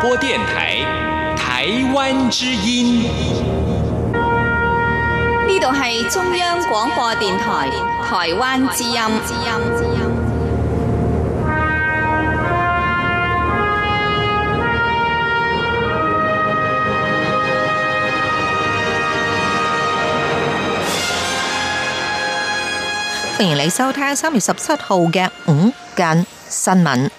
播電台台灣之音，呢度係中央廣播電台台灣之音。歡迎你收聽三月十七號嘅午間新聞。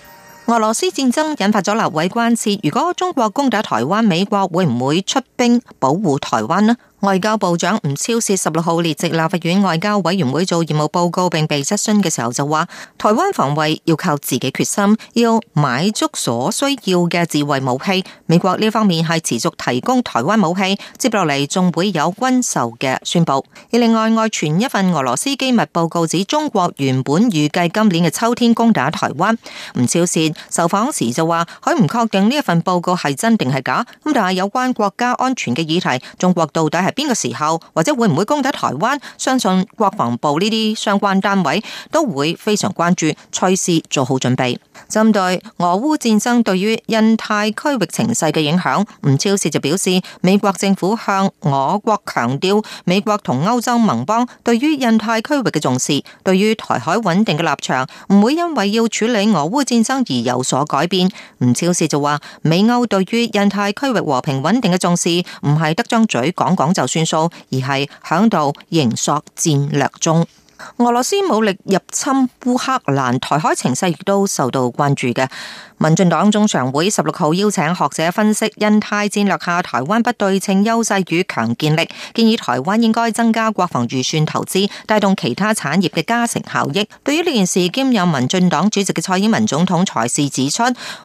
俄羅斯戰爭引發咗立委關切，如果中國攻打台灣，美國會唔會出兵保護台灣呢？外交部長吳釗燮十六號列席立法院外交委員會做業務報告，並被質詢嘅時候就話，台灣防衛要靠自己決心，要買足所需要嘅自衛武器。美國呢方面係持續提供台灣武器，接落嚟仲會有軍售嘅宣布。而另外外傳一份俄羅斯機密報告指，中國原本預計今年嘅秋天攻打台灣。吳釗燮受訪時就話，佢唔確定呢一份報告係真定係假，咁但係有關國家安全嘅議題，中國到底係。邊個時候或者會唔會攻打台灣？相信國防部呢啲相關單位都會非常關注，隨時做好準備。針對俄烏戰爭對於印太區域情勢嘅影響，吳釗燮就表示，美國政府向我國強調，美國同歐洲盟邦對於印太區域嘅重視，對於台海穩定嘅立場，唔會因為要處理俄烏戰爭而有所改變。吳釗燮就話，美歐對於印太區域和平穩定嘅重視，唔係得張嘴講講就算數，而係響度營塑戰略中。俄羅斯武力入侵烏克蘭，台海情勢亦都受到關注嘅。民進黨中常會十六號邀請學者分析印太戰略下台灣不對稱優勢與強健力，建議台灣應該增加國防預算投資，帶動其他產業嘅加成效益。對於呢件事，兼任民進黨主席嘅蔡英文總統才是指出，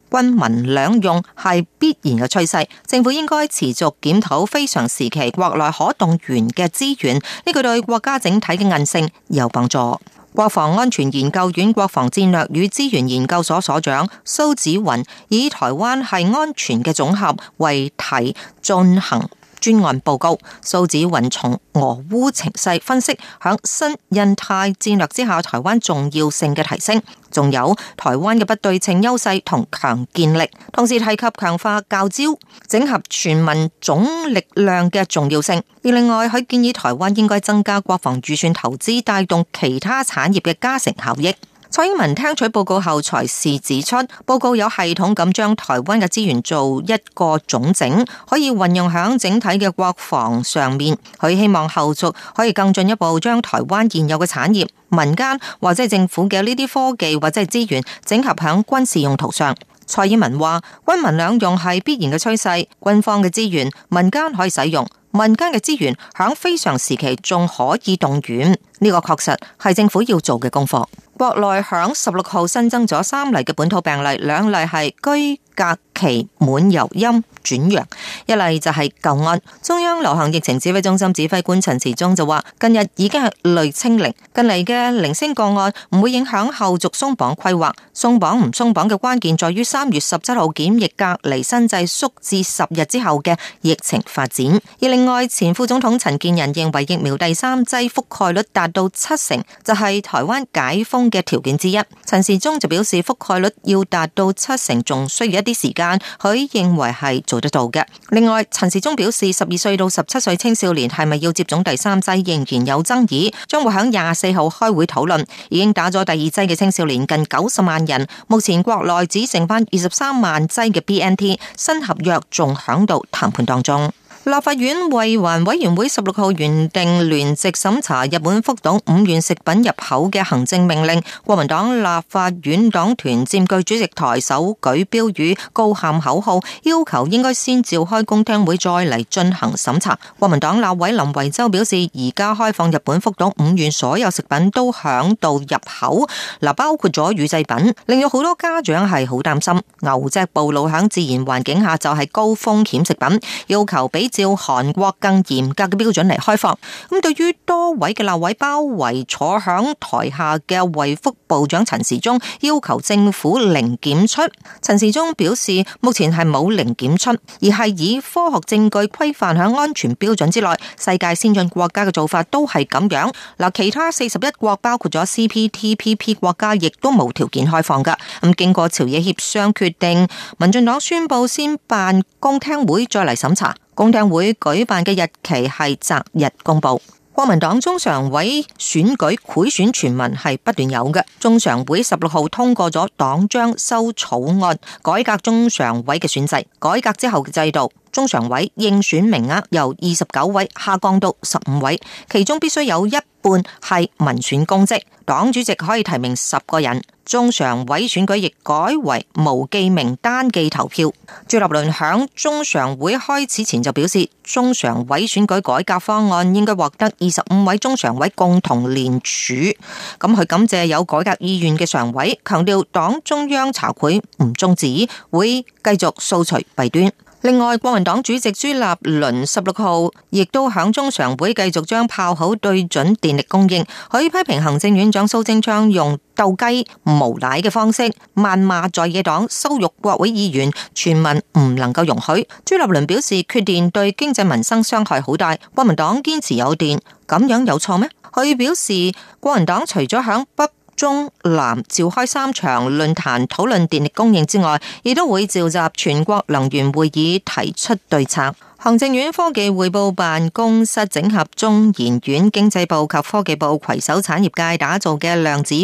軍民兩用係必然嘅趨勢，政府應該持續檢討非常時期國內可動員嘅資源，呢、這個對國家整體嘅韌性有幫助，國防安全研究院國防戰略與資源研究所所長蘇紫雲以台灣係安全嘅總合為題進行專案報告，蘇紫雲從俄烏情勢分析，響新印太戰略之下台灣重要性嘅提升，仲有台灣嘅不對稱優勢同強健力，同時提及強化教召、整合全民總力量嘅重要性。而另外，佢建議台灣應該增加國防預算投資，帶動其他產業嘅加成效益。蔡英文聽取報告後，才是指出報告有系統咁將台灣嘅資源做一個總整，可以運用響整體嘅國防上面。佢希望後續可以更進一步將台灣現有嘅產業、民間或者政府嘅呢啲科技或者係資源整合響軍事用途上。蔡英文話：軍民兩用係必然嘅趨勢，軍方嘅資源民間可以使用，民間嘅資源響非常時期仲可以動員。呢個確實係政府要做嘅功課。國內響十六號新增咗三例嘅本土病例，兩例係居家。期滿由陰轉陽，一例就係舊案。中央流行疫情指揮中心指揮官陳時中就話：近日已經係類清零，近嚟嘅零星個案唔會影響後續鬆綁規劃。鬆綁唔鬆綁嘅關鍵在於三月十七號檢疫隔離新制縮至十日之後嘅疫情發展。而另外，前副總統陳建仁認為疫苗第三劑覆蓋率達到七成，就係、是、台灣解封嘅條件之一。陳時中就表示，覆蓋率要達到七成，仲需要一啲時間。但佢認為係做得到嘅。另外，陳時中表示，十二歲到十七歲青少年係咪要接種第三劑，仍然有爭議，將會喺廿四號開會討論。已經打咗第二劑嘅青少年近九十萬人，目前國內只剩翻二十三萬劑嘅 BNT 新合約仲響度談判當中。立法院衞環委員會十六號原定聯席審查日本福島五縣食品入口嘅行政命令，國民黨立法院黨團佔據主席台，手舉標語、高喊口號，要求應該先召開公聽會再嚟進行審查。國民黨立委林為洲表示，而家開放日本福島五縣所有食品都響度入口，嗱，包括咗乳製品，令有好多家長係好擔心。牛隻暴露響自然環境下就係高風險食品，要求俾照韓國更嚴格嘅標準嚟開放咁，對於多位嘅立委包圍坐響台下嘅衛福部長陳時中，要求政府零檢出。陳時中表示，目前係冇零檢出，而係以科學證據規範喺安全標準之內。世界先進國家嘅做法都係咁樣嗱。其他四十一國包括咗 CPTPP 國家，亦都無條件開放噶。咁經過朝野協商決定，民進黨宣布先辦公聽會，再嚟審查。公聽會舉辦嘅日期係擇日公布。國民黨中常委選舉賄選傳聞係不斷有嘅。中常會十六號通過咗黨章修草案，改革中常委嘅選制。改革之後嘅制度，中常委應選名額由二十九位下降到十五位，其中必須有一。半係民選公職，黨主席可以提名十個人，中常委選舉亦改為無記名單記投票。朱立倫響中常會開始前就表示，中常委選舉改革方案應該獲得二十五位中常委共同連署。咁佢感謝有改革意願嘅常委，強調黨中央查賄唔終止，會繼續掃除弊端。另外，國民黨主席朱立倫十六號亦都響中常會繼續將炮口對準電力供應，佢批評行政院長蘇貞昌用鬥雞無賴嘅方式，謾罵在野黨羞辱國會議員，全民唔能夠容許。朱立倫表示，缺電對經濟民生傷害好大，國民黨堅持有電，咁樣有錯咩？佢表示，國民黨除咗響北。中南召開三場論壇討論電力供應之外，亦都會召集全國能源會議，提出對策。行政院科技會報辦公室整合中研院經濟部及科技部，攜手產業界打造嘅量子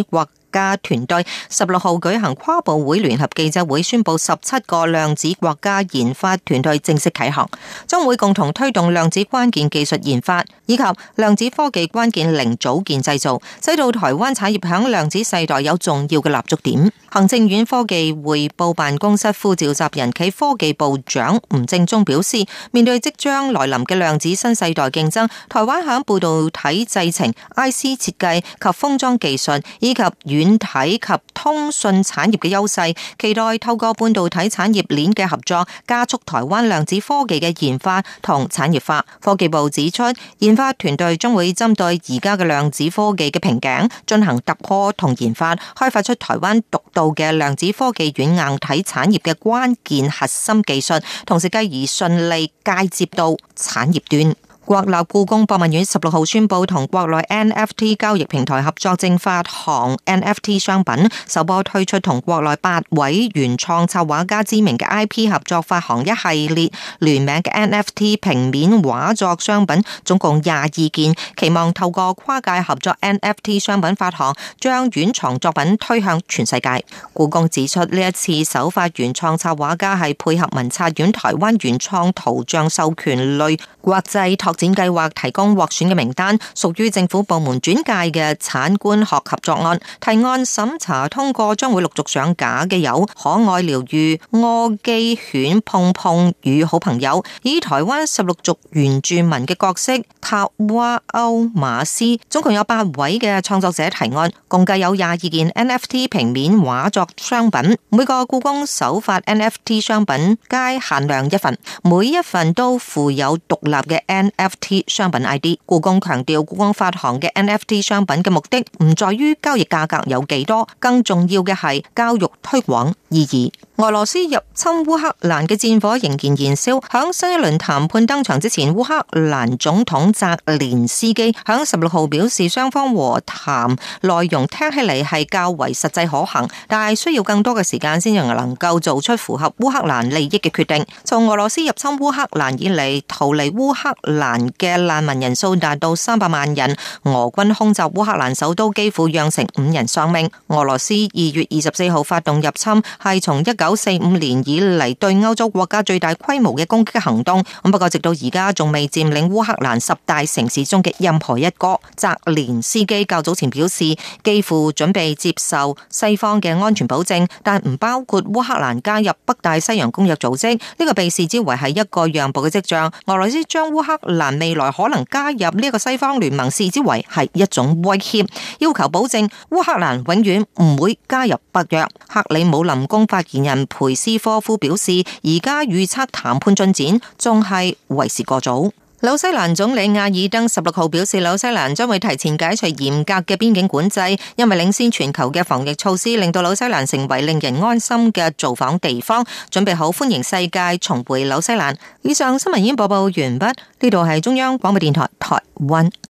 家團隊十六號舉行跨部會聯合記者會，宣布十七個量子國家研發團隊正式啟航，將會共同推動量子關鍵技術研發以及量子科技關鍵零組件製造，使到台灣產業響量子世代有重要嘅立足點。行政院科技會報辦公室副召集人暨科技部長吳政忠表示，面對即將來臨嘅量子新世代競爭，台灣響半導體製程、IC 設計及封裝技術以及與軟體及通訊產業嘅優勢，期待透過半導體產業鏈嘅合作，加速台灣量子科技嘅研發同產業化。科技部指出，研發團隊將會針對而家嘅量子科技嘅瓶頸進行突破同研發，開發出台灣獨到嘅量子科技軟硬體產業嘅關鍵核心技術，同時繼而順利介接到產業端。國立故宮博物院十六號宣布同國內 NFT 交易平台合作，正發行 NFT 商品。首波推出同國內八位原創策畫家知名嘅 IP 合作發行一系列聯名嘅 NFT 平面畫作商品，總共廿二件。期望透過跨界合作 NFT 商品發行，將院藏作品推向全世界。故宮指出，呢一次首發原創策畫家係配合文策院台灣原創圖像授權類國際拓。展計劃提供獲選嘅名單，屬於政府部門轉介嘅產官學合作案。提案審查通過，將會陸續上架嘅有可愛療愈柯基犬碰碰與好朋友，以台灣十六族原住民嘅角色塔哇歐馬斯，總共有八位嘅創作者提案，共計有廿二件 NFT 平面畫作商品。每個故宮首發 NFT 商品皆限量一份，每一份都附有獨立嘅 NFT。NFT 商品 ID，故宮強調故宮發行嘅 NFT 商品嘅目的唔在於交易價格有幾多，更重要嘅係交易推廣意義。俄羅斯入侵烏克蘭嘅戰火仍然燃燒，喺新一輪談判登場之前，烏克蘭總統澤連斯基響十六號表示，雙方和談內容聽起嚟，係較為實際可行，但係需要更多嘅時間先至能夠做出符合烏克蘭利益嘅決定。從俄羅斯入侵烏克蘭以嚟，逃離烏克蘭嘅難民人數達到三百萬人，俄軍空襲烏克蘭首都，幾乎讓成五人喪命。俄羅斯二月二十四號發動入侵，係從一九九四五年以嚟對歐洲國家最大規模嘅攻擊行動，咁不過直到而家仲未佔領烏克蘭十大城市中嘅任何一個。澤連斯基較早前表示，幾乎準備接受西方嘅安全保證，但唔包括烏克蘭加入北大西洋公約組織。呢、這個被視之為係一個讓步嘅跡象。俄羅斯將烏克蘭未來可能加入呢個西方聯盟視之為係一種威脅，要求保證烏克蘭永遠唔會加入北約。克里姆林宮發言人。人培斯科夫表示，而家預測談判進展仲係為時過早。紐西蘭總理阿爾登十六號表示，紐西蘭將會提前解除嚴格嘅邊境管制，因為領先全球嘅防疫措施令到紐西蘭成為令人安心嘅造訪地方，準備好歡迎世界重回紐西蘭。以上新聞已經播報完畢，呢度係中央廣播電台台灣。